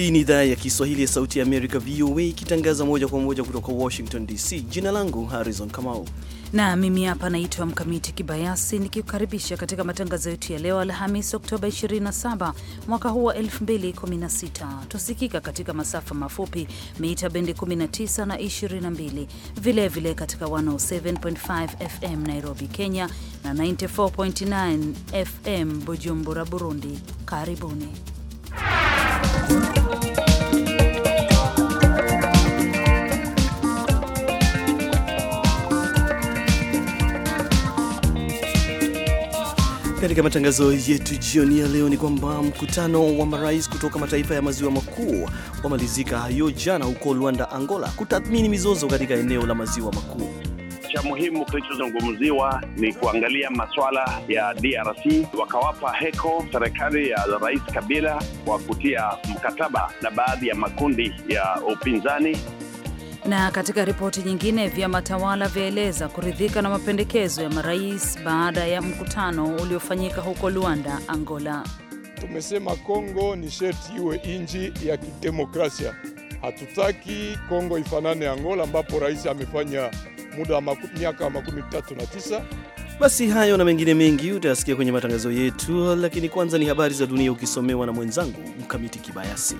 Hii ni idhaa ya Kiswahili ya Sauti ya Amerika, VOA, ikitangaza moja kwa moja kutoka Washington DC. Jina langu Harrison Kamau na mimi hapa naitwa Mkamiti Kibayasi nikikukaribisha katika matangazo yetu ya leo Alhamis, Oktoba 27 mwaka huu wa 2016. Tusikika katika masafa mafupi mita bendi 19 na 22, vilevile vile katika 107.5 FM Nairobi, Kenya na 94.9 FM Bujumbura, Burundi. Karibuni. Katika matangazo yetu jioni ya leo ni kwamba mkutano wa marais kutoka mataifa ya maziwa makuu wamalizika hayo jana huko Luanda, Angola, kutathmini mizozo katika eneo la maziwa makuu cha muhimu kilichozungumziwa ni kuangalia maswala ya DRC. Wakawapa heko serikali ya Rais Kabila kwa kutia mkataba na baadhi ya makundi ya upinzani. Na katika ripoti nyingine, vyama tawala vyaeleza kuridhika na mapendekezo ya marais baada ya mkutano uliofanyika huko Luanda, Angola. Tumesema Kongo ni sherti iwe nji ya kidemokrasia. Hatutaki Kongo ifanane Angola, ambapo rais amefanya muda wa miaka makumi tatu na tisa. Basi hayo na mengine mengi utayasikia kwenye matangazo yetu, lakini kwanza ni habari za dunia ukisomewa na mwenzangu Mkamiti Kibayasi.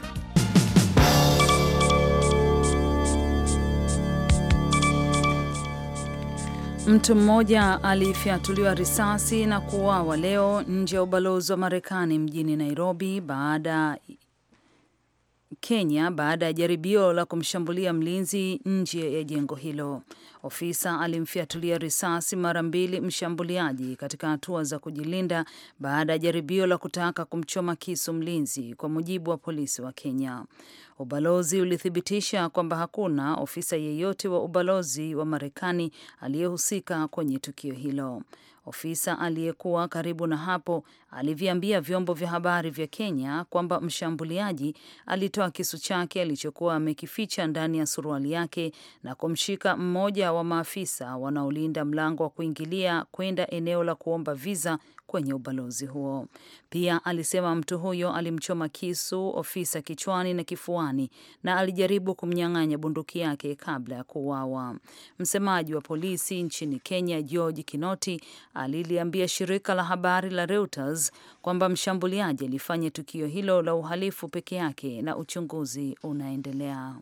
Mtu mmoja alifyatuliwa risasi na kuuawa leo nje ya ubalozi wa Marekani mjini Nairobi baada Kenya baada ya jaribio la kumshambulia mlinzi nje ya jengo hilo. Ofisa alimfiatulia risasi mara mbili mshambuliaji katika hatua za kujilinda baada ya jaribio la kutaka kumchoma kisu mlinzi, kwa mujibu wa polisi wa Kenya. Ubalozi ulithibitisha kwamba hakuna ofisa yeyote wa ubalozi wa Marekani aliyehusika kwenye tukio hilo. Ofisa aliyekuwa karibu na hapo aliviambia vyombo vya habari vya Kenya kwamba mshambuliaji alitoa kisu chake alichokuwa amekificha ndani ya suruali yake na kumshika mmoja wa maafisa wanaolinda mlango wa kuingilia kwenda eneo la kuomba viza kwenye ubalozi huo. Pia alisema mtu huyo alimchoma kisu ofisa kichwani na kifuani na alijaribu kumnyang'anya bunduki yake kabla ya kuuawa. Msemaji wa polisi nchini Kenya George Kinoti aliliambia shirika la habari la Reuters Reuters kwamba mshambuliaji alifanya tukio hilo la uhalifu peke yake na uchunguzi unaendelea.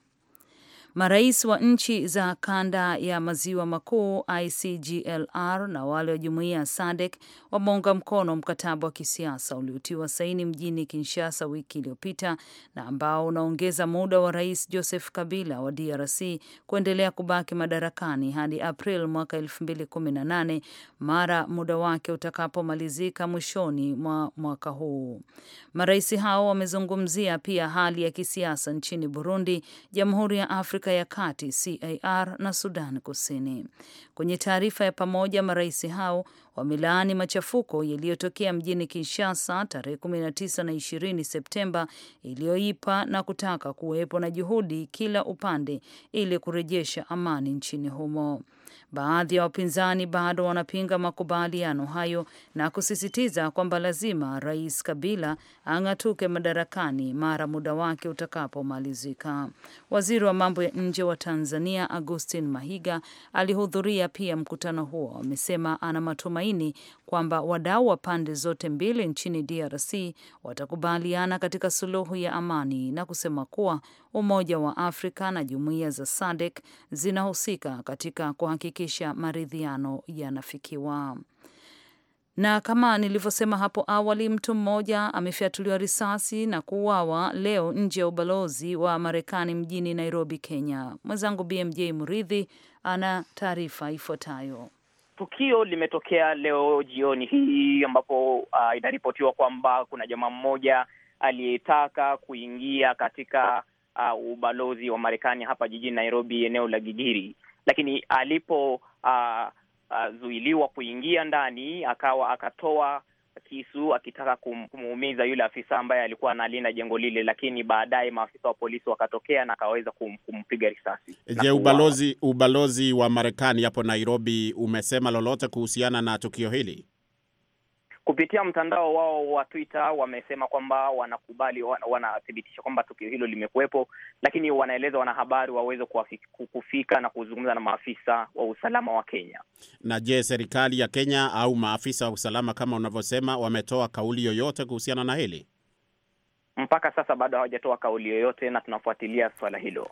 Marais wa nchi za kanda ya maziwa makuu ICGLR na wale wa jumuiya ya SADC wameunga mkono mkataba wa kisiasa uliotiwa saini mjini Kinshasa wiki iliyopita na ambao unaongeza muda wa Rais Joseph Kabila wa DRC kuendelea kubaki madarakani hadi April mwaka 2018 mara muda wake utakapomalizika mwishoni mwa mwaka huu. Marais hao wamezungumzia pia hali ya kisiasa nchini Burundi, Jamhuri ya Afrika Afrika ya Kati CAR na Sudan Kusini. Kwenye taarifa ya pamoja, marais hao wamelaani machafuko yaliyotokea mjini Kinshasa tarehe 19 na 20 Septemba iliyoipa na kutaka kuwepo na juhudi kila upande ili kurejesha amani nchini humo. Baadhi ya wapinzani bado wanapinga makubaliano hayo na kusisitiza kwamba lazima Rais Kabila ang'atuke madarakani mara muda wake utakapomalizika. Waziri wa mambo ya nje wa Tanzania Augustin Mahiga alihudhuria pia mkutano huo. Amesema ana matumaini kwamba wadau wa pande zote mbili nchini DRC watakubaliana katika suluhu ya amani na kusema kuwa Umoja wa Afrika na jumuiya za SADC zinahusika katika kwa kuhakikisha maridhiano yanafikiwa. Na kama nilivyosema hapo awali, mtu mmoja amefyatuliwa risasi na kuuawa leo nje ya ubalozi wa Marekani mjini Nairobi, Kenya. Mwenzangu BMJ Muridhi ana taarifa ifuatayo. Tukio limetokea leo jioni hii ambapo uh, inaripotiwa kwamba kuna jamaa mmoja aliyetaka kuingia katika uh, ubalozi wa Marekani hapa jijini Nairobi, eneo la Gigiri, lakini alipo uh, uh, kuingia ndani, akawa akatoa kisu akitaka kumuumiza yule afisa ambaye alikuwa analinda jengo lile, lakini baadaye maafisa wa polisi wakatokea na akaweza kumpiga risasi. Je, ubalozi ubalozi wa Marekani hapo Nairobi umesema lolote kuhusiana na tukio hili? Kupitia mtandao wao wa Twitter wamesema kwamba wanakubali, wanathibitisha kwamba tukio hilo limekuwepo, lakini wanaeleza wanahabari waweze kufika na kuzungumza na maafisa wa usalama wa Kenya. Na je, serikali ya Kenya au maafisa wa usalama kama unavyosema wametoa kauli yoyote kuhusiana na hili? Mpaka sasa bado hawajatoa kauli yoyote, na tunafuatilia swala hilo.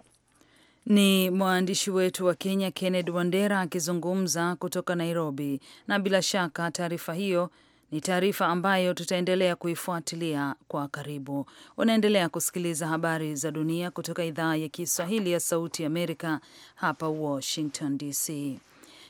Ni mwandishi wetu wa Kenya Kenneth Wandera akizungumza kutoka Nairobi, na bila shaka taarifa hiyo ni taarifa ambayo tutaendelea kuifuatilia kwa karibu. Unaendelea kusikiliza habari za dunia kutoka idhaa ya Kiswahili ya Sauti Amerika hapa Washington DC.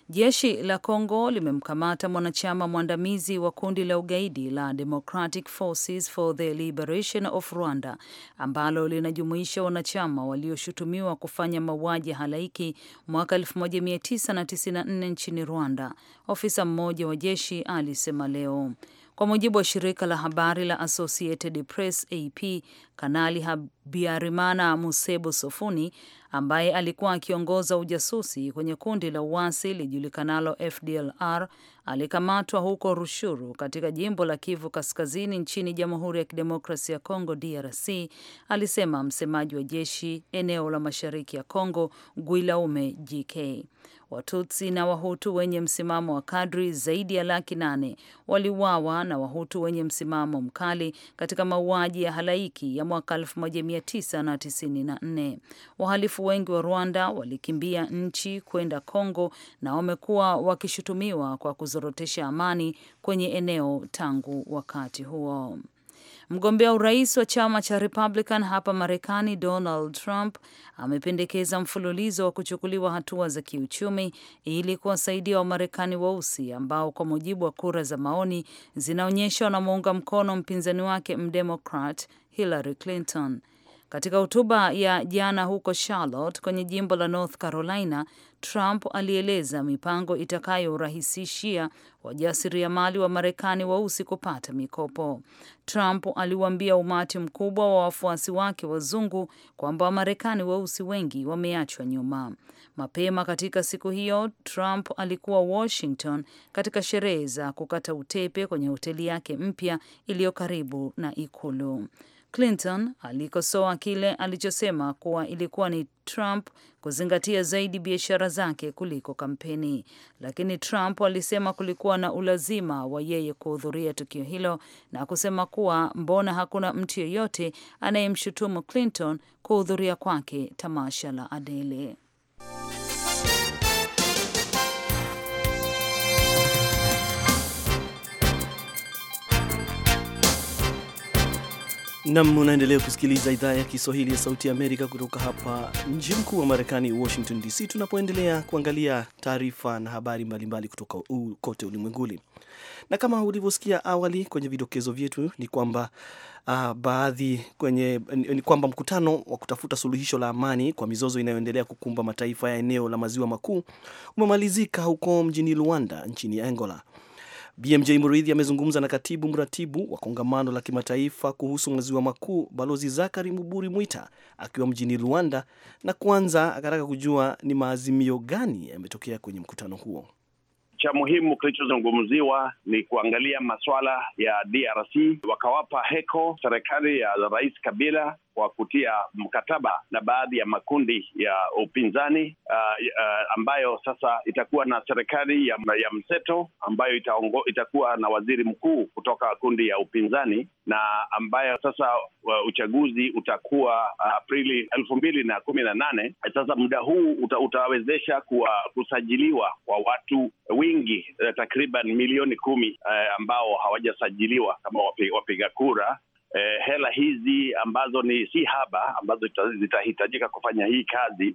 Jeshi la Congo limemkamata mwanachama mwandamizi wa kundi la ugaidi la Democratic Forces for the Liberation of Rwanda ambalo linajumuisha wanachama walioshutumiwa kufanya mauaji halaiki mwaka 1994 nchini Rwanda, ofisa mmoja wa jeshi alisema leo. Kwa mujibu wa shirika la habari la Associated Press AP, Kanali Habiarimana Musebo Sofuni ambaye alikuwa akiongoza ujasusi kwenye kundi la uasi lijulikanalo FDLR alikamatwa huko Rushuru katika jimbo la Kivu Kaskazini nchini Jamhuri ya Kidemokrasia ya Kongo DRC, alisema msemaji wa jeshi eneo la mashariki ya Kongo guilaume gk Watutsi na Wahutu wenye msimamo wa kadri zaidi ya laki nane waliuawa na Wahutu wenye msimamo mkali katika mauaji ya halaiki ya mwaka 1994. Wahalifu wengi wa Rwanda walikimbia nchi kwenda Kongo na wamekuwa wakishutumiwa kwa kuzorotesha amani kwenye eneo tangu wakati huo. Mgombea urais wa chama cha Republican hapa Marekani, Donald Trump amependekeza mfululizo wa kuchukuliwa hatua za kiuchumi ili kuwasaidia Wamarekani weusi wa ambao kwa mujibu wa kura za maoni zinaonyesha wanamuunga mkono mpinzani wake Mdemokrat Hillary Clinton. Katika hotuba ya jana huko Charlotte kwenye jimbo la North Carolina, Trump alieleza mipango itakayorahisishia wajasiriamali wa Marekani weusi kupata mikopo. Trump aliwaambia umati mkubwa wa wafuasi wake wazungu kwamba Wamarekani weusi wengi wameachwa nyuma. Mapema katika siku hiyo, Trump alikuwa Washington katika sherehe za kukata utepe kwenye hoteli yake mpya iliyo karibu na ikulu. Clinton alikosoa kile alichosema kuwa ilikuwa ni Trump kuzingatia zaidi biashara zake kuliko kampeni, lakini Trump alisema kulikuwa na ulazima wa yeye kuhudhuria tukio hilo na kusema kuwa mbona hakuna mtu yeyote anayemshutumu Clinton kuhudhuria kwake tamasha la Adele. Nam, unaendelea kusikiliza idhaa ya Kiswahili ya Sauti ya Amerika kutoka hapa mji mkuu wa Marekani, Washington DC, tunapoendelea kuangalia taarifa na habari mbalimbali kutoka u, kote ulimwenguni. Na kama ulivyosikia awali kwenye vidokezo vyetu ni kwamba uh, baadhi kwenye ni kwamba mkutano wa kutafuta suluhisho la amani kwa mizozo inayoendelea kukumba mataifa ya eneo la maziwa makuu umemalizika huko mjini Luanda nchini Angola. BMJ Muridhi amezungumza na katibu mratibu wa kongamano la kimataifa kuhusu maziwa makuu Balozi Zakari Muburi Mwita akiwa mjini Rwanda, na kwanza akataka kujua ni maazimio gani yametokea kwenye mkutano huo. Cha muhimu kilichozungumziwa ni kuangalia maswala ya DRC, wakawapa heko serikali ya Rais Kabila kwa kutia mkataba na baadhi ya makundi ya upinzani uh, uh, ambayo sasa itakuwa na serikali ya, ya mseto ambayo itaongo, itakuwa na waziri mkuu kutoka kundi ya upinzani na ambayo sasa uh, uchaguzi utakuwa uh, Aprili elfu mbili na kumi na nane. Sasa muda huu uta, utawezesha kuwa, kusajiliwa kwa watu wingi uh, takriban milioni kumi uh, ambao hawajasajiliwa kama wapiga kura eh, hela hizi ambazo ni si haba ambazo zitahitajika kufanya hii kazi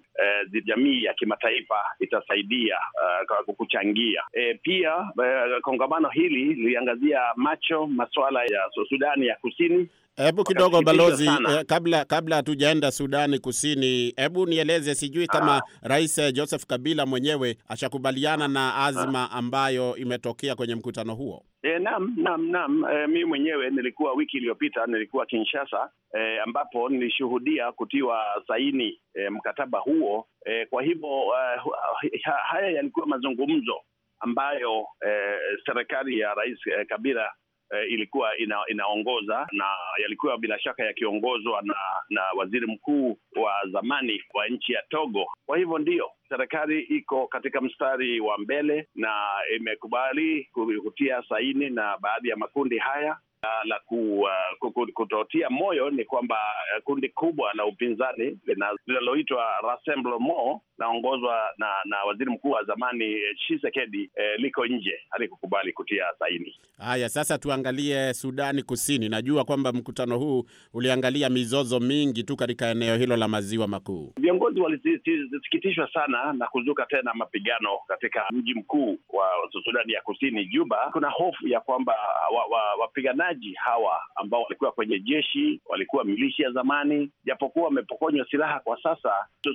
eh, jamii ya kimataifa itasaidia uh, eh, kuchangia eh, pia eh, kongamano hili liliangazia macho masuala ya Sudani ya Kusini Hebu kidogo balozi eh, kabla kabla hatujaenda Sudani Kusini, hebu nieleze, sijui ah. kama ah, Rais eh, Joseph Kabila mwenyewe ashakubaliana na azma ah. ambayo imetokea kwenye mkutano huo. E, naam naam naam. E, eh, mi mwenyewe nilikuwa wiki iliyopita nilikuwa Kinshasa e, ambapo nilishuhudia kutiwa saini e, mkataba huo e, kwa hivyo uh, haya yalikuwa mazungumzo ambayo e, serikali ya Rais Kabila eh, ilikuwa ina, inaongoza na yalikuwa bila shaka yakiongozwa na, na waziri mkuu wa zamani wa nchi ya Togo. Kwa hivyo ndiyo serikali iko katika mstari wa mbele na imekubali kutia saini na baadhi ya makundi haya la ku, uh, kutotia moyo ni kwamba uh, kundi kubwa la upinzani linaloitwa Rassemblement naongozwa na, na waziri mkuu wa zamani eh, Tshisekedi eh, liko nje, halikukubali kutia saini. Haya, sasa tuangalie Sudani Kusini. Najua kwamba mkutano huu uliangalia mizozo mingi tu katika eneo hilo la maziwa makuu. Viongozi walisikitishwa sana na kuzuka tena mapigano katika mji mkuu wa Sudani ya Kusini, Juba. Kuna hofu ya kwamba wapiganaji wa, wa wapiganaji hawa ambao walikuwa kwenye jeshi, walikuwa milishi ya zamani, japokuwa wamepokonywa silaha kwa sasa.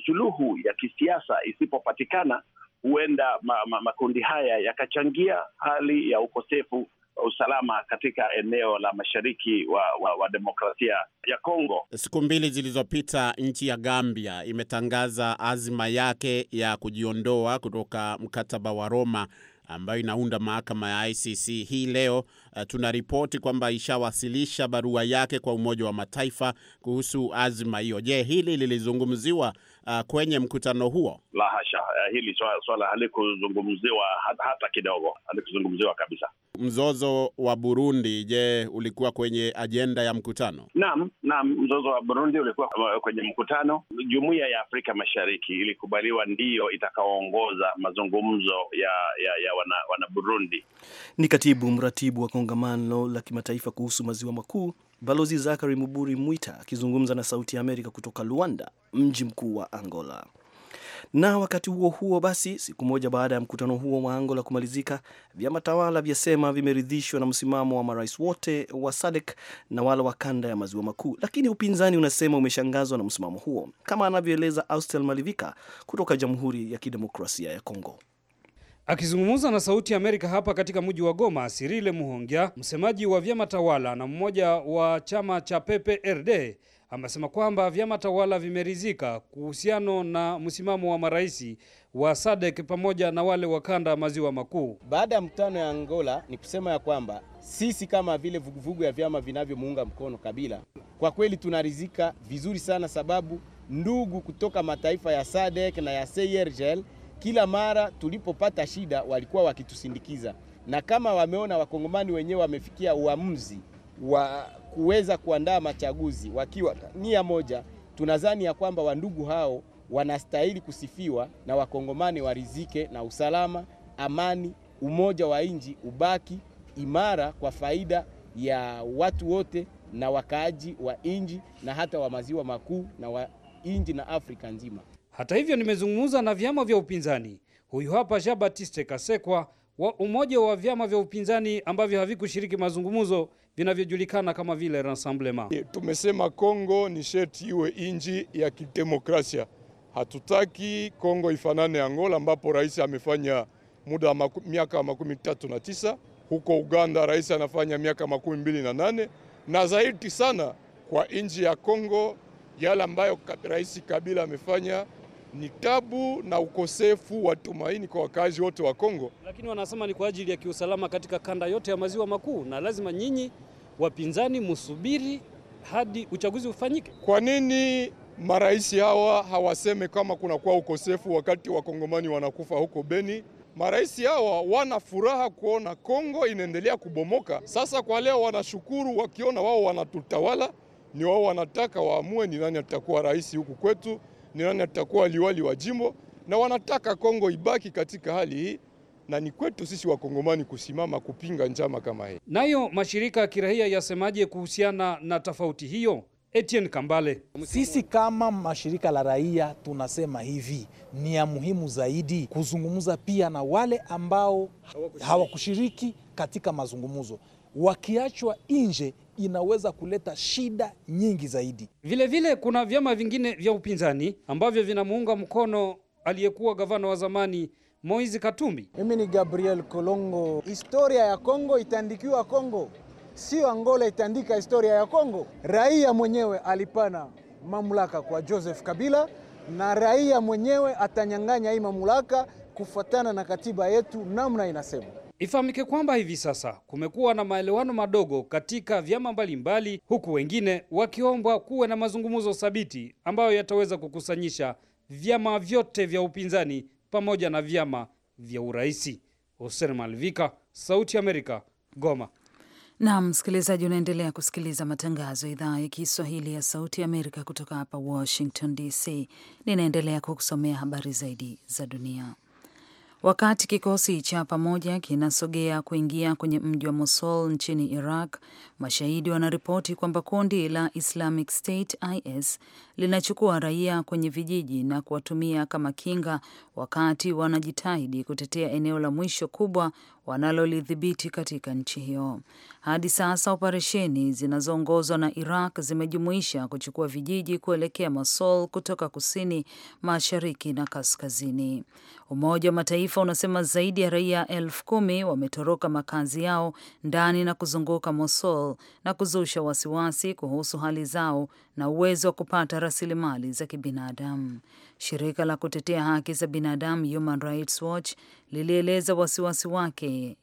Suluhu ya kisiasa isipopatikana, huenda ma, ma, makundi haya yakachangia hali ya ukosefu usalama katika eneo la mashariki wa, wa, wa demokrasia ya Kongo. Siku mbili zilizopita, nchi ya Gambia imetangaza azima yake ya kujiondoa kutoka mkataba wa Roma ambayo inaunda mahakama ya ICC hii leo uh, eh, tunaripoti kwamba ishawasilisha barua yake kwa Umoja wa Mataifa kuhusu azma hiyo. Je, hili lilizungumziwa uh, kwenye mkutano huo? La hasha, eh, hili swala halikuzungumziwa hata, hata kidogo, halikuzungumziwa kabisa. Mzozo wa Burundi, je, ulikuwa kwenye ajenda ya mkutano? Naam, naam, mzozo wa Burundi ulikuwa eh, kwenye mkutano. Jumuiya ya Afrika Mashariki ilikubaliwa ndiyo itakaoongoza mazungumzo ya, ya, ya wana, wana Burundi. Ni katibu mratibu wa kongamano la kimataifa kuhusu maziwa makuu Balozi Zakari Muburi Mwita akizungumza na Sauti ya Amerika kutoka Luanda, mji mkuu wa Angola. Na wakati huo huo basi, siku moja baada ya mkutano huo wa Angola kumalizika, vyama tawala vyasema vimeridhishwa na msimamo wa marais wote wa SADC na wala wa kanda ya maziwa makuu, lakini upinzani unasema umeshangazwa na msimamo huo, kama anavyoeleza Austel Malivika kutoka Jamhuri ya Kidemokrasia ya Kongo. Akizungumza na Sauti ya Amerika hapa katika mji wa Goma, Sirile Muhongia, msemaji wa vyama tawala na mmoja wa chama cha PPRD, amesema kwamba vyama tawala vimeridhika kuhusiano na msimamo wa marais wa SADC pamoja na wale wa kanda maziwa makuu. Baada ya mkutano ya Angola, ni kusema ya kwamba sisi kama vile vuguvugu ya vyama vinavyomuunga mkono Kabila, kwa kweli tunaridhika vizuri sana, sababu ndugu kutoka mataifa ya SADC na ya CIRGL kila mara tulipopata shida walikuwa wakitusindikiza, na kama wameona wakongomani wenyewe wamefikia uamuzi wa kuweza kuandaa machaguzi wakiwa nia moja, tunadhani ya kwamba wandugu hao wanastahili kusifiwa na wakongomani warizike na usalama, amani, umoja wa nchi ubaki imara kwa faida ya watu wote na wakaaji wa nchi na hata wa maziwa makuu na wa nchi na Afrika nzima. Hata hivyo, nimezungumza na vyama vya upinzani. Huyu hapa Jean Baptiste Kasekwa wa umoja wa vyama vya upinzani ambavyo havikushiriki mazungumzo vinavyojulikana kama vile Rassemblement. Eh, tumesema Kongo ni sheti iwe inji ya kidemokrasia. Hatutaki Kongo ifanane Angola, ambapo rais amefanya muda wa miaka makumi tatu na tisa. Huko Uganda rais anafanya miaka makumi mbili na nane na zaidi sana kwa nchi ya Kongo, yale ambayo rais Kabila amefanya ni tabu na ukosefu wa tumaini kwa wakazi wote wa Kongo, lakini wanasema ni kwa ajili ya kiusalama katika kanda yote ya maziwa makuu, na lazima nyinyi wapinzani musubiri hadi uchaguzi ufanyike. Kwa nini marais hawa hawaseme kama kunakuwa ukosefu wakati wakongomani wanakufa huko Beni? Marais hawa wana furaha kuona Kongo inaendelea kubomoka. Sasa kwa leo wanashukuru, wakiona wao wanatutawala, ni wao wanataka waamue ni nani atakuwa rais huku kwetu nani atakuwa liwali wa jimbo, na wanataka Kongo ibaki katika hali hii na ni kwetu sisi wakongomani kusimama kupinga njama kama hii. Nayo mashirika ya kiraia yasemaje kuhusiana na tofauti hiyo? Etienne Kambale. Sisi kama mashirika la raia tunasema hivi, ni ya muhimu zaidi kuzungumza pia na wale ambao hawakushiriki katika mazungumzo wakiachwa nje inaweza kuleta shida nyingi zaidi. Vilevile vile, kuna vyama vingine vya upinzani ambavyo vinamuunga mkono aliyekuwa gavana wa zamani Moizi Katumbi. Mimi ni Gabriel Kolongo. Historia ya Kongo itaandikiwa Kongo, sio Angola itaandika historia ya Kongo. Raia mwenyewe alipana mamlaka kwa Joseph Kabila na raia mwenyewe atanyang'anya hii mamlaka kufuatana na katiba yetu namna inasema. Ifahamike kwamba hivi sasa kumekuwa na maelewano madogo katika vyama mbalimbali mbali, huku wengine wakiombwa kuwe na mazungumzo thabiti ambayo yataweza kukusanyisha vyama vyote vya upinzani pamoja na vyama vya uraisi. Hussein Malvika, Sauti ya Amerika, Goma. Naam, msikilizaji, unaendelea kusikiliza matangazo ya idhaa ya Kiswahili ya Sauti ya Amerika kutoka hapa Washington DC. Ninaendelea kukusomea habari zaidi za dunia. Wakati kikosi cha pamoja kinasogea kuingia kwenye mji wa Mosul nchini Iraq, mashahidi wanaripoti kwamba kundi la Islamic State IS linachukua raia kwenye vijiji na kuwatumia kama kinga wakati wanajitahidi kutetea eneo la mwisho kubwa wanalolidhibiti katika nchi hiyo. Hadi sasa operesheni zinazoongozwa na Iraq zimejumuisha kuchukua vijiji kuelekea Mosul kutoka kusini, mashariki na kaskazini. Umoja wa Mataifa unasema zaidi ya raia elfu kumi wametoroka makazi yao ndani na kuzunguka Mosul na kuzusha wasiwasi kuhusu hali zao na uwezo wa kupata rasilimali za kibinadamu. Shirika la kutetea haki za binadamu Human Rights Watch lilieleza wasiwasi wake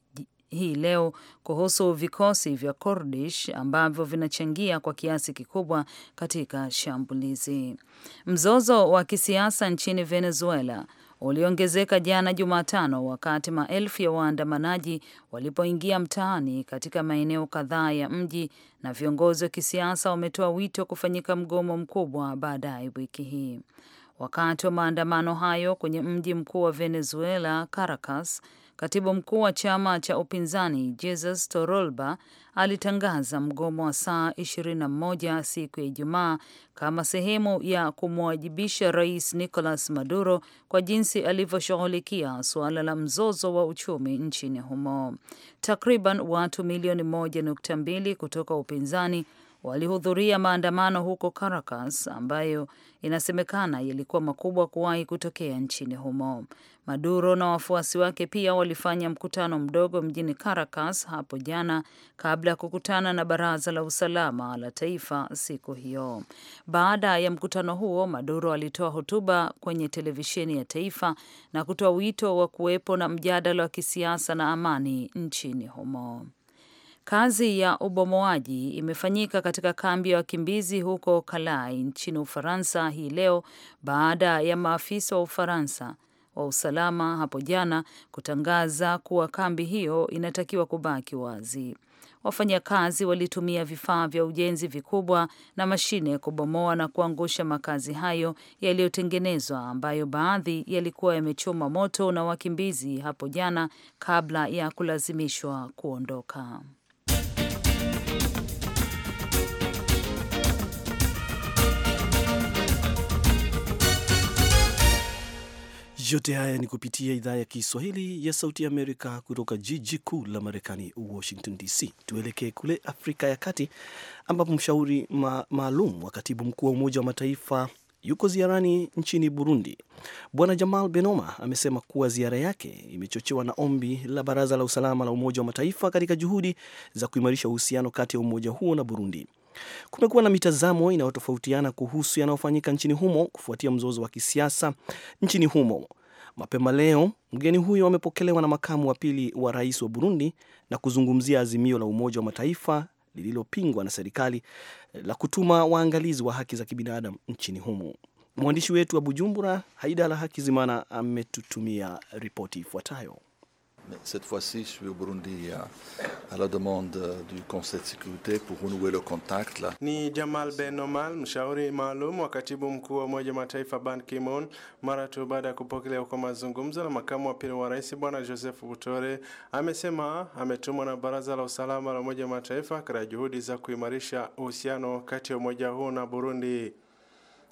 hii leo kuhusu vikosi vya Kurdish ambavyo vinachangia kwa kiasi kikubwa katika shambulizi. Mzozo wa kisiasa nchini Venezuela uliongezeka jana Jumatano wakati maelfu ya waandamanaji walipoingia mtaani katika maeneo kadhaa ya mji, na viongozi wa kisiasa wametoa wito kufanyika mgomo mkubwa baadaye wiki hii. Wakati wa maandamano hayo kwenye mji mkuu wa Venezuela, Caracas, Katibu mkuu wa chama cha upinzani Jesus Torolba alitangaza mgomo wa saa 21 siku ya Ijumaa kama sehemu ya kumwajibisha Rais Nicolas Maduro kwa jinsi alivyoshughulikia suala la mzozo wa uchumi nchini humo. Takriban watu milioni 1.2 kutoka upinzani walihudhuria maandamano huko Caracas ambayo inasemekana yalikuwa makubwa kuwahi kutokea nchini humo. Maduro na wafuasi wake pia walifanya mkutano mdogo mjini Caracas hapo jana kabla ya kukutana na Baraza la Usalama la Taifa siku hiyo. Baada ya mkutano huo, Maduro alitoa hotuba kwenye televisheni ya taifa na kutoa wito wa kuwepo na mjadala wa kisiasa na amani nchini humo. Kazi ya ubomoaji imefanyika katika kambi ya wakimbizi huko kalai nchini Ufaransa hii leo baada ya maafisa wa Ufaransa wa usalama hapo jana kutangaza kuwa kambi hiyo inatakiwa kubaki wazi. Wafanyakazi walitumia vifaa vya ujenzi vikubwa na mashine kubomoa na kuangusha makazi hayo yaliyotengenezwa, ambayo baadhi yalikuwa yamechoma moto na wakimbizi hapo jana kabla ya kulazimishwa kuondoka. Yote haya ni kupitia idhaa ya Kiswahili ya Sauti ya Amerika kutoka jiji kuu la Marekani, Washington DC. Tuelekee kule Afrika ya Kati, ambapo mshauri ma maalum wa katibu mkuu wa Umoja wa Mataifa yuko ziarani nchini Burundi. Bwana Jamal Benoma amesema kuwa ziara yake imechochewa na ombi la Baraza la Usalama la Umoja wa Mataifa katika juhudi za kuimarisha uhusiano kati ya umoja huo na Burundi. Kumekuwa na mitazamo inayotofautiana kuhusu yanayofanyika nchini humo kufuatia mzozo wa kisiasa nchini humo. Mapema leo mgeni huyo amepokelewa na makamu wa pili wa rais wa Burundi na kuzungumzia azimio la Umoja wa Mataifa lililopingwa na serikali la kutuma waangalizi wa haki za kibinadamu nchini humo. Mwandishi wetu wa Bujumbura, Haidala Hakizimana, ametutumia ripoti ifuatayo. Mais cette fois-ci, je suis au Burundi à, à la demande euh, du Conseil de sécurité pour renouer le contact. Là. Ni Jamal Ben Omal, mshauri maalum wa katibu mkuu wa Umoja Mataifa Ban Ki-moon, mara tu baada ya kupokelewa kwa mazungumzo na makamu wa pili wa rais Bwana Joseph Butore, amesema ametumwa na Baraza la Usalama la Umoja Mataifa katika juhudi za kuimarisha uhusiano kati ya umoja huu na Burundi.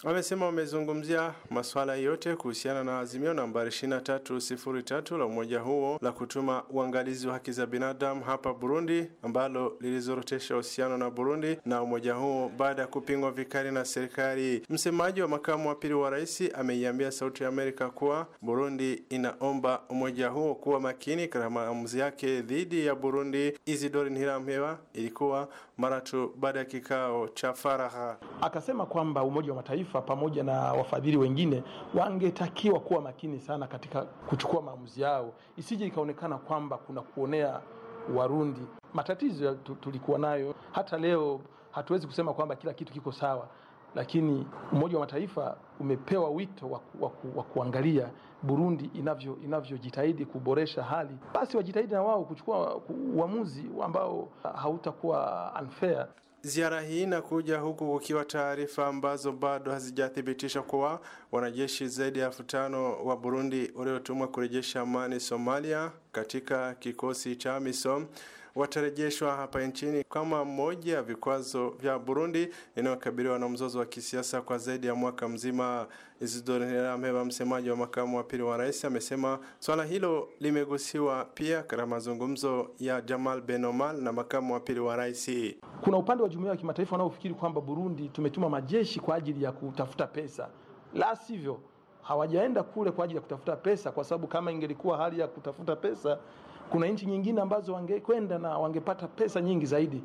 Amesema wamezungumzia masuala yote kuhusiana na azimio nambari 2303 la umoja huo la kutuma uangalizi wa haki za binadamu hapa Burundi ambalo lilizorotesha uhusiano na Burundi na umoja huo baada ya kupingwa vikali na serikali. Msemaji wa makamu wa pili wa rais ameiambia Sauti ya Amerika kuwa Burundi inaomba umoja huo kuwa makini katika maamuzi yake dhidi ya Burundi. Isidori Ntirampeba ilikuwa mara tu baada ya kikao cha faragha, akasema kwamba Umoja wa Mataifa taifa pamoja na wafadhili wengine wangetakiwa kuwa makini sana katika kuchukua maamuzi yao, isije ikaonekana kwamba kuna kuonea Warundi. Matatizo tulikuwa nayo, hata leo hatuwezi kusema kwamba kila kitu kiko sawa, lakini Umoja wa Mataifa umepewa wito wa waku, waku, kuangalia Burundi inavyo inavyojitahidi kuboresha hali, basi wajitahidi na wao kuchukua uamuzi ambao hautakuwa unfair. Ziara hii inakuja huku kukiwa taarifa ambazo bado hazijathibitisha kuwa wanajeshi zaidi ya elfu tano wa Burundi waliotumwa kurejesha amani Somalia katika kikosi cha AMISOM watarejeshwa hapa nchini kama moja ya vikwazo vya Burundi inayokabiliwa na mzozo wa kisiasa kwa zaidi ya mwaka mzima. Isidore Nterampeba, msemaji wa makamu wa pili wa rais, amesema swala hilo limegusiwa pia katika mazungumzo ya Jamal Benomal na makamu wa pili wa rais. Kuna upande wa jumuiya ya kimataifa wanaofikiri kwamba Burundi tumetuma majeshi kwa ajili ya kutafuta pesa, la sivyo hawajaenda kule kwa ajili ya kutafuta pesa, kwa sababu kama ingelikuwa hali ya kutafuta pesa kuna nchi nyingine ambazo wangekwenda na wangepata pesa nyingi zaidi,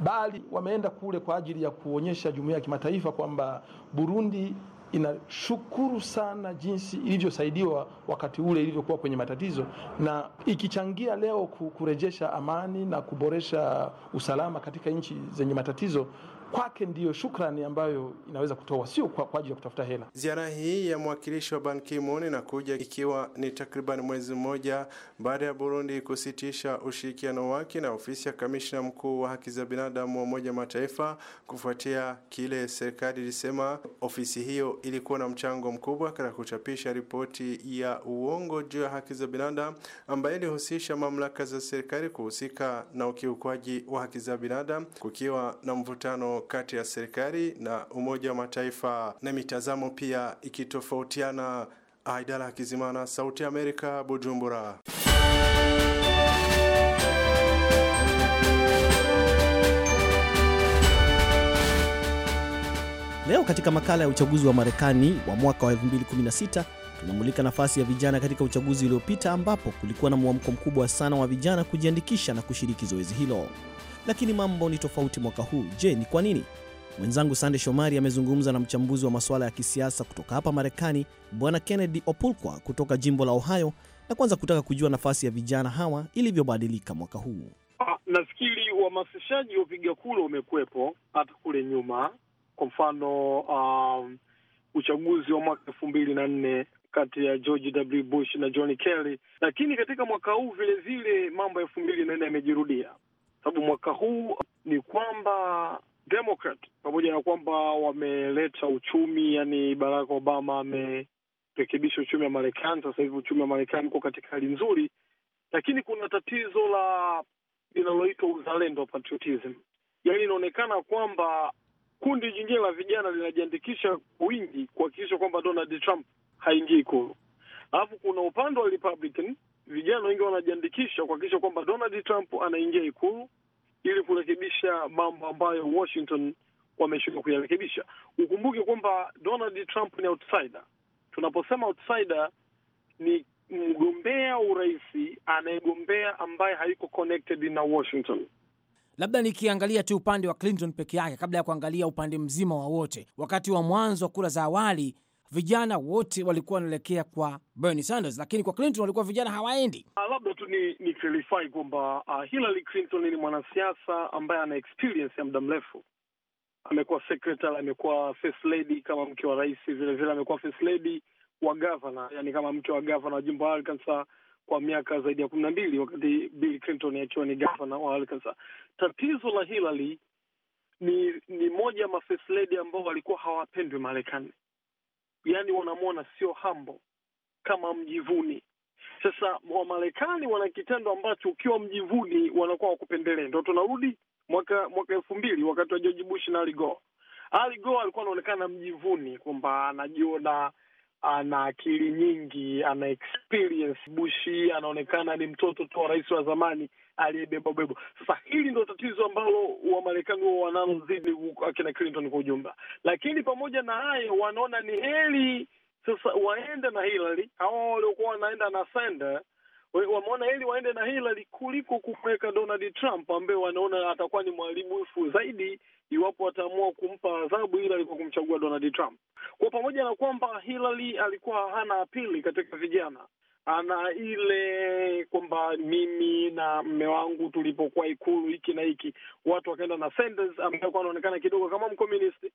bali wameenda kule kwa ajili ya kuonyesha jumuiya ya kimataifa kwamba Burundi inashukuru sana jinsi ilivyosaidiwa wakati ule ilivyokuwa kwenye matatizo, na ikichangia leo kurejesha amani na kuboresha usalama katika nchi zenye matatizo, kwake ndiyo shukrani ambayo inaweza kutoa, sio kwa, kwa ajili ya kutafuta hela. Ziara hii ya mwakilishi wa Ban Ki-moon inakuja ikiwa ni takriban mwezi mmoja baada ya Burundi kusitisha ushirikiano wake na ofisi ya kamishna mkuu wa haki za binadamu wa Umoja Mataifa kufuatia kile serikali ilisema ofisi hiyo ilikuwa na mchango mkubwa katika kuchapisha ripoti ya uongo juu ya haki za binadamu ambayo ilihusisha mamlaka za serikali kuhusika na ukiukwaji wa haki za binadamu, kukiwa na mvutano kati ya serikali na Umoja wa Mataifa na mitazamo pia ikitofautiana. Aidala Kizimana, Sauti ya Amerika, Bujumbura. Leo katika makala ya uchaguzi wa Marekani wa mwaka wa 2016 tunamulika nafasi ya vijana katika uchaguzi uliopita ambapo kulikuwa na mwamko mkubwa sana wa vijana kujiandikisha na kushiriki zoezi hilo lakini mambo ni tofauti mwaka huu. Je, ni kwa nini? Mwenzangu Sande Shomari amezungumza na mchambuzi wa masuala ya kisiasa kutoka hapa Marekani, Bwana Kennedy Opulkwa kutoka jimbo la Ohio, na kwanza kutaka kujua nafasi ya vijana hawa ilivyobadilika mwaka huu. Ah, nafikiri uhamasishaji wa piga kura umekwepo hata kule nyuma. Kwa mfano, um, uchaguzi wa mwaka elfu mbili na nne kati ya George W. Bush na John kelly lakini katika mwaka huu vilevile mambo ya elfu mbili na nne yamejirudia sababu mwaka huu ni kwamba Democrat pamoja na kwamba wameleta uchumi, yani Barack Obama amerekebisha uchumi wa Marekani. Sasa hivi uchumi wa Marekani uko katika hali nzuri, lakini kuna tatizo la linaloitwa uzalendo, patriotism. Yani inaonekana kwamba kundi jingine la vijana linajiandikisha wingi kuhakikisha kwamba Donald Trump haingii Ikulu, alafu kuna upande wa Republican vijana wengi wanajiandikisha kuhakikisha kwamba Donald Trump anaingia Ikulu ili kurekebisha mambo ambayo Washington wameshindwa kuyarekebisha. Ukumbuke kwamba Donald Trump ni outsider. Tunaposema outsider ni mgombea urais anayegombea ambaye haiko connected na Washington. Labda nikiangalia tu upande wa Clinton peke yake, kabla ya kuangalia upande mzima wa wote. Wakati wa mwanzo wa kura za awali, vijana wote walikuwa wanaelekea kwa Bernie Sanders, lakini kwa Clinton walikuwa vijana hawaendi. Ah, labda tu ni, ni clarify kwamba uh, Hillary Clinton ni mwanasiasa ambaye ana experience ya muda mrefu. Amekuwa secretary, amekuwa first lady kama mke wa rais, vilevile amekuwa first lady wa gavana, yani kama mke wa gavana wa jimbo la Arkansas kwa miaka zaidi ya kumi na mbili wakati Bill Clinton akiwa ni gavana wa Arkansas. Tatizo la Hillary ni ni moja ya mafirst lady ambao walikuwa hawapendwi Marekani yani wanamwona sio hambo kama mjivuni. Sasa Wamarekani wana kitendo ambacho ukiwa mjivuni wanakuwa wakupendelea. Ndo tunarudi mwaka mwaka elfu mbili wakati wa George Bush na Al Gore. Al Gore alikuwa anaonekana mjivuni kwamba anajiona ana akili nyingi, ana experience. Bushi anaonekana ni mtoto tu wa rais wa zamani aliyebebwabebwa. Sasa hili ndo tatizo ambalo Wamarekani huo wanalo zidi akina Clinton kwa ujumla, lakini pamoja na hayo wanaona ni heli sasa waende na Hillary, hawa waliokuwa wanaenda na Sanders wameona heli waende na Hillary kuliko kumweka Donald Trump ambaye wanaona atakuwa ni mharibifu zaidi iwapo wataamua kumpa adhabu Hillary kwa kumchagua Donald Trump, kwa pamoja na kwamba Hillary alikuwa hana apili katika vijana, ana ile kwamba mimi na mme wangu tulipokuwa Ikulu hiki na hiki, watu wakaenda na ambayo kuwa anaonekana kidogo kama mkomunisti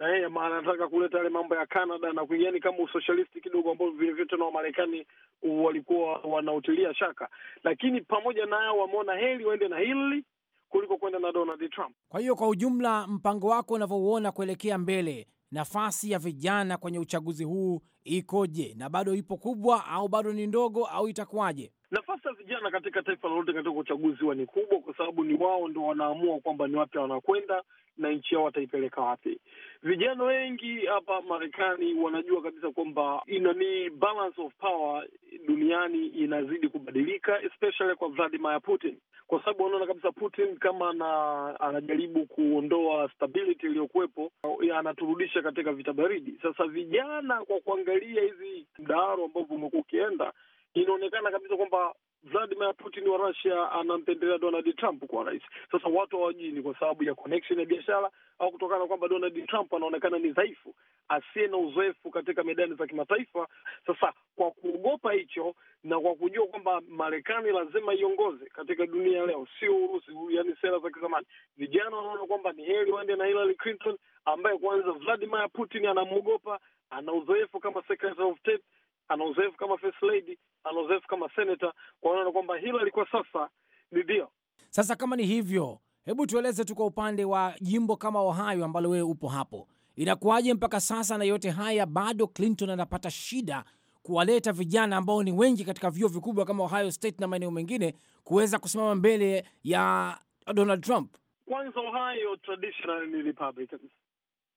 eh, maana anataka kuleta yale mambo ya Canada na kuingiani kama usoshalisti kidogo, ambao vile vile tena Wamarekani walikuwa wanautilia shaka, lakini pamoja nao wameona heli waende na hili kuliko kwenda na Donald Trump. Kwa hiyo kwa ujumla, mpango wako unavyouona kuelekea mbele nafasi ya vijana kwenye uchaguzi huu ikoje, na bado ipo kubwa au bado ni ndogo au itakuwaje? Nafasi ya vijana katika taifa lolote katika uchaguzi wa ni kubwa, kwa sababu ni wao ndo wanaamua kwamba ni wapi wanakwenda na nchi yao wataipeleka wapi. Vijana wengi hapa Marekani wanajua kabisa kwamba inani balance of power duniani inazidi kubadilika, especially kwa Vladimir Putin, kwa sababu wanaona kabisa Putin kama na, anajaribu kuondoa stability iliyokuwepo, eh, anaturudisha katika vita baridi. Sasa vijana kwa kuangalia hizi mdaharo ambavyo umekuwa ukienda inaonekana kabisa kwamba Vladimir Putin wa Russia anampendelea Donald Trump kwa rais. Sasa watu hawajui ni kwa sababu ya connection ya biashara au kutokana na kwamba Donald Trump anaonekana ni dhaifu, asiye na uzoefu katika medani za kimataifa. Sasa kwa kuogopa hicho na kwa kujua kwamba Marekani lazima iongoze katika dunia leo, sio Urusi, yani sera za kizamani, vijana wanaona kwamba ni heri waende na Hillary Clinton ambaye kwanza Vladimir Putin anamwogopa, ana uzoefu kama Secretary of State, ana uzoefu kama First Lady Anozef kama senata, wanaona kwamba hilo alikuwa sasa ni dio Sasa kama ni hivyo, hebu tueleze tu kwa upande wa jimbo kama Ohio ambalo wewe upo hapo, inakuwaje mpaka sasa na yote haya bado Clinton anapata shida kuwaleta vijana ambao ni wengi katika vyuo vikubwa kama Ohio State na maeneo mengine kuweza kusimama mbele ya Donald Trump? Kwanza Ohio traditional ni Republicans,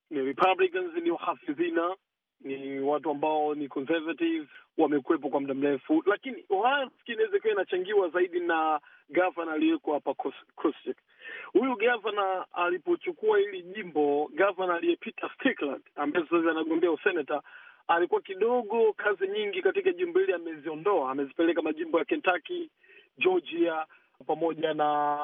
ni Republicans, ni uhafidhina ni watu ambao ni conservative, wamekuwepo kwa muda mrefu, lakini Ohio inaweza inachangiwa zaidi na gavana aliyeko hapa Huyu gavana alipochukua hili jimbo, gavana aliyepita Strickland ambaye sasa anagombea useneta alikuwa kidogo, kazi nyingi katika jimbo hili ameziondoa, amezipeleka majimbo ya Kentucky, Georgia pamoja na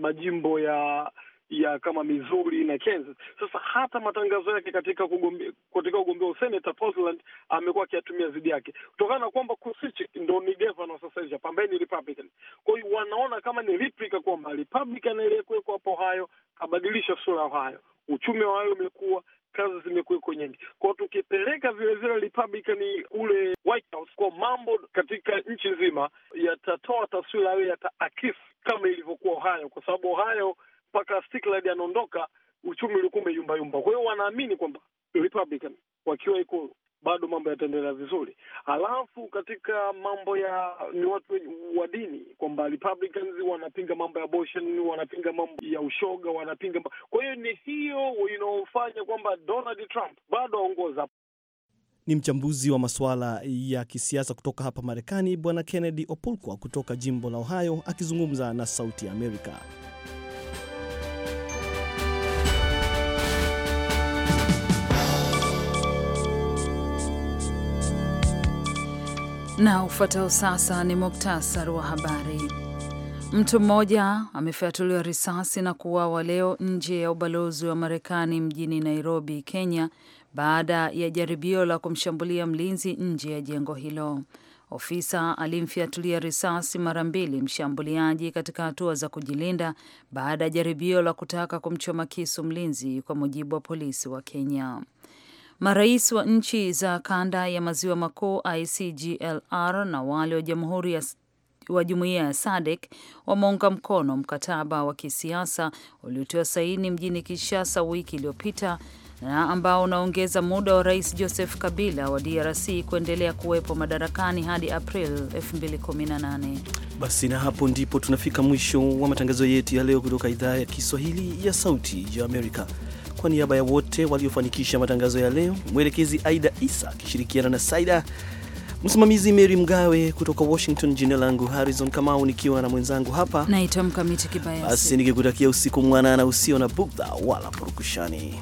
majimbo ya ya kama Missouri na Kansas. Sasa hata matangazo yake katika kugombea katika ugombea wa useneta Portland amekuwa akiyatumia zidi yake, kutokana na kwamba Kusich ndo ni governor sasa hivi, ni Republican. Kwa hiyo wanaona kama ni replica kwamba Republican aliyekuwekwa hapo Ohio kabadilisha sura ya Ohio, uchumi wa Ohio umekuwa kazi zimekuweko nyingi kwao. Tukipeleka vilevile Republican ule White House kwa mambo katika nchi nzima, yatatoa taswira hayo, yataakisi kama ilivyokuwa Ohio, kwa sababu Ohio mpaka Stiglitz anaondoka, uchumi ulikuwa umeyumbayumba. Kwa hiyo wanaamini kwamba Republican wakiwa Ikulu bado mambo yataendelea vizuri. Alafu katika mambo ya ni watu wa dini kwamba Republicans wanapinga mambo ya abortion, wanapinga mambo ya ushoga, wanapinga mambo. Kwa hiyo ni hiyo inaofanya kwamba Donald Trump bado aongoza. Ni mchambuzi wa masuala ya kisiasa kutoka hapa Marekani, Bwana Kennedy Opulkwa kutoka jimbo la Ohio akizungumza na Sauti ya Amerika. Na ufuatao sasa ni muktasari wa habari. Mtu mmoja amefyatuliwa risasi na kuuawa leo nje ya ubalozi wa Marekani mjini Nairobi, Kenya, baada ya jaribio la kumshambulia mlinzi nje ya jengo hilo. Ofisa alimfyatulia risasi mara mbili mshambuliaji katika hatua za kujilinda baada ya jaribio la kutaka kumchoma kisu mlinzi, kwa mujibu wa polisi wa Kenya. Marais wa nchi za kanda ya maziwa makuu ICGLR na wale wa jamhuri ya wa jumuiya ya SADC wameunga mkono mkataba wa kisiasa uliotiwa saini mjini Kinshasa wiki iliyopita na ambao unaongeza muda wa Rais Joseph Kabila wa DRC kuendelea kuwepo madarakani hadi April 2018. Basi na hapo ndipo tunafika mwisho wa matangazo yetu ya leo kutoka idhaa ya Kiswahili ya Sauti ya Amerika. Kwa niaba ya wote waliofanikisha matangazo ya leo, mwelekezi Aida Isa akishirikiana na Saida, msimamizi Mary Mgawe kutoka Washington. Jina langu Harrison Kamau, nikiwa na mwenzangu hapa naitwa Mkamiti Kibayasi. Basi nikikutakia usiku mwanana usio na bughudha wala purukushani.